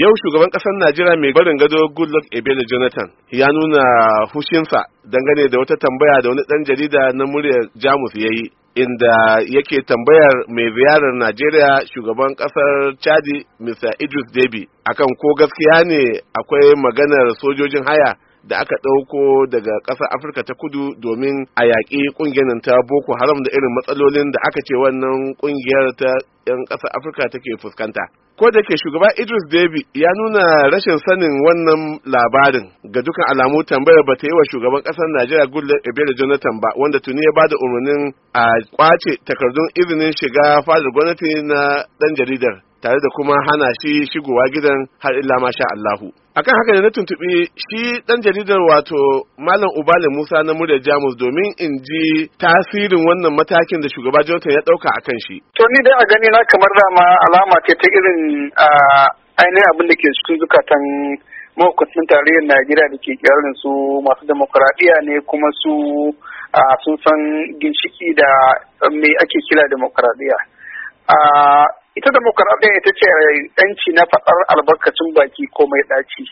yau shugaban kasar najeriya mai barin gado goodluck ebele jonathan ya nuna hushinsa dangane da wata tambaya da wani dan jarida na muryar jamus ya yi inda yake tambayar mai ziyarar najeriya shugaban kasar chadi mr idris debi akan ko gaskiya ne akwai maganar sojojin haya da aka ɗauko daga ƙasar afirka ta kudu domin a yaƙi ƙungiyar ta boko haram da irin matsalolin da aka ce wannan ƙungiyar ta 'yan ƙasar afirka take fuskanta ko da ke shugaba idris debi ya nuna rashin sanin wannan labarin ga dukan alamu tambayar ba ta yi wa shugaban kasar najeriya goodluck ebele jonathan ba wanda tuni ya ba da umarnin a kwace takardun izinin shiga fadar gwamnati na dan jaridar tare da kuma hana shi shigowa gidan har illa ma sha Allahu akan haka da na tuntuɓi shi ɗan jaridar wato malam ubale musa na murya jamus domin in ji tasirin wannan matakin da shugaba jonathan ya ɗauka a kan shi to ni dai a gani na kamar dama alama ce ta irin ainihin abin da ke cikin zukatan mahukuntan tarayyar najeriya da ke kirarin su masu demokuraɗiyya ne kuma su a sun san ginshiki da me ake kira demokuraɗiyya ita demokaradiyya ita ce yanci na faɗar albarkacin baki ko mai ɗaci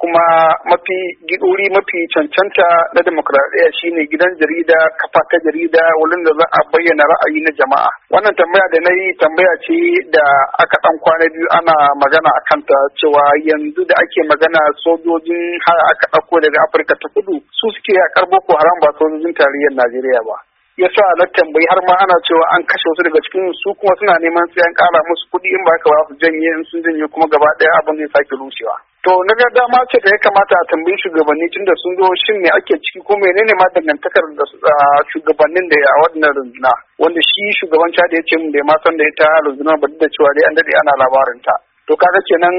kuma mafi giduri mafi cancanta na demokradiyya shine gidan jarida kafa ta jarida wurin da za a bayyana ra'ayi na jama'a wannan tambaya da na yi tambaya ce da aka ɗan kwana biyu ana magana a kanta cewa yanzu da ake magana sojojin har aka ɗauko daga afirka ta kudu su suke a yaƙar boko haram ba sojojin tarayyar najeriya ba ya sa na tambayi har ma ana cewa an kashe wasu daga cikin su kuma suna neman sai an kara musu kuɗi in ba ka ba su janye in sun janye kuma gaba ɗaya abin zai sake rushewa to na ga dama ce da ya kamata a tambayi shugabanni tun da sun zo shin me ake ciki ko menene ma dangantakar da ah, shugabannin da a wannan runduna wanda shi shugaban da ya ce mun bai ma san da ita runduna ba duk da cewa dai an daɗe ana labarin ta. to kaga kenan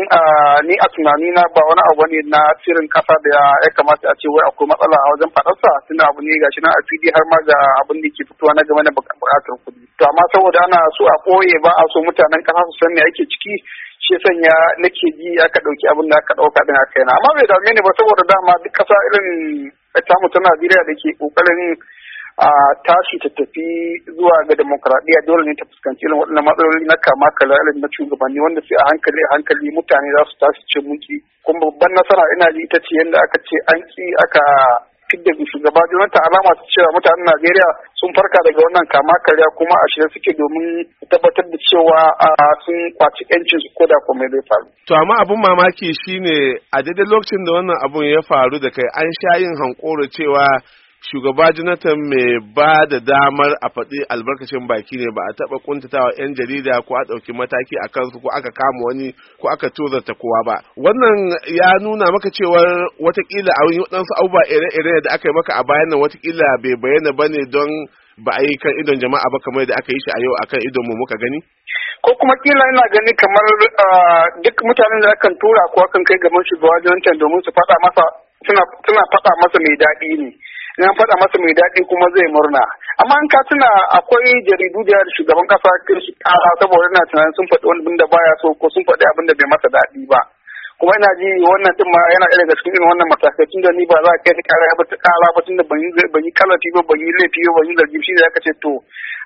ni a tunani na ba wani abu ne na tsirin kasa da ya kamata a ce wai akwai matsala a wajen fadarsa tun abu ne gashi na a har ma ga abin da ke fitowa na game da bukatar kuɗi to amma saboda ana so a ɓoye ba a so mutanen kasa su san me ake ciki shi sanya nake ji aka ɗauki abin da aka ɗauka din aka yana amma bai dame ne ba saboda dama duk kasa irin ta mu ta Najeriya da ke kokarin a tashi ta tafi zuwa ga demokradiyya dole ne ta fuskanci irin waɗannan matsaloli na kama kala irin na shugabanni wanda sai a hankali a hankali mutane za su tashi ce muki kuma babban nasara ina ji ita ce yadda aka ce an ƙi aka fidda shugaba jonathan alama su cewa mutanen najeriya sun farka daga wannan kama kariya kuma a shirye suke domin tabbatar da cewa sun kwaci yancin su koda ko mai zai faru. to amma abin mamaki shine a daidai lokacin da wannan abun ya faru da kai an sha yin hankoro cewa shugaba jonathan mai ba da damar a faɗi albarkacin baki ne ba a taɓa kuntatawa 'yan jarida ko a ɗauki mataki a kansu ko aka kama wani ko aka tozarta kowa ba wannan ya nuna maka cewar watakila a wani waɗansu abubuwa ire-ire da aka yi maka a bayan nan watakila bai bayyana ba ne don ba a yi kan idon jama'a ba kamar da aka yi shi a yau akan idon mu muka gani ko kuma kila ina gani kamar ah, duk mutanen da akan tura ko akan kai gaban shugaba jonathan domin su faɗa masa suna faɗa masa mai daɗi ne in faɗa masa mai daɗi kuma zai murna amma in ka tuna akwai jaridu da shugaban kasa kai shi kara saboda ina tunanin sun faɗi wani abin da baya so ko sun faɗi abin da bai masa daɗi ba kuma ina ji wannan din ma yana ɗaya daga cikin irin wannan matakai tun da ni ba za a kai kara ba ta kara ba tun da ban yi kalafi ba ban yi laifi ba ban yi zargi shi da aka ce to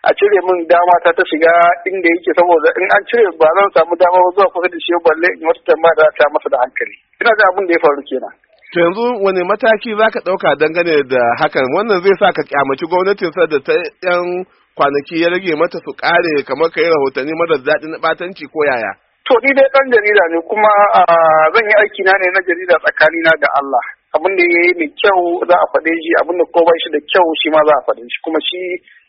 a cire min dama ta ta shiga inda yake saboda in an cire ba zan samu dama ba zuwa kusa da shi balle in wata tambaya da ta masa da hankali ina ga abin da ya faru kenan to yanzu wani mataki za ka ɗauka dangane da hakan wannan zai sa ka kyamaci gwamnatin sa da ta yan kwanaki ya rage mata su kare, kamar ka yi rahotanni marar daɗi na ɓatanci ko yaya. to ni dai ɗan jarida ne kuma zan yi aiki na ne na jarida tsakani na da Allah abin da ya yi mai kyau za a faɗe shi abin da ko ba shi da kyau shi ma za a faɗe shi kuma shi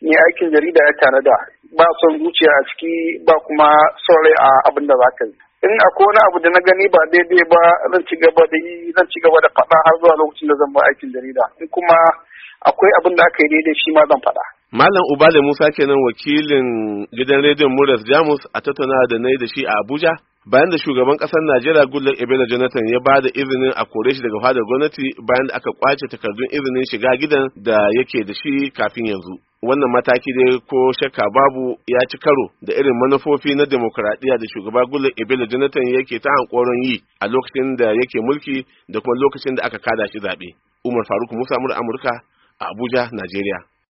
ne aikin jarida ya tare da ba son zuciya a ciki ba kuma son a abin da za ka yi in akwai wani abu da na gani ba daidai ba zan ci gaba da yi zan ci gaba da faɗa har zuwa lokacin da zan ba aikin jarida in kuma akwai abin da aka yi daidai shi ma zan faɗa. Malam Ubale Musa kenan wakilin gidan rediyon Muras Jamus a tattauna da na da shi a Abuja. Bayan da shugaban ƙasar Najeriya gullar Ebele Jonathan ya ba da izinin a kore shi daga fadar gwamnati bayan da aka kwace takardun izinin shiga gidan da yake da shi kafin yanzu. wannan mataki dai ko shakka babu ya ci karo da irin manufofi na demokuraɗiyya da shugaba Goodluck Ebele Jonathan yake ta hankoron yi a lokacin da yake mulki da kuma lokacin da aka kada shi zaɓe. Umar Faruk Musa Amurka a Abuja, Najeriya.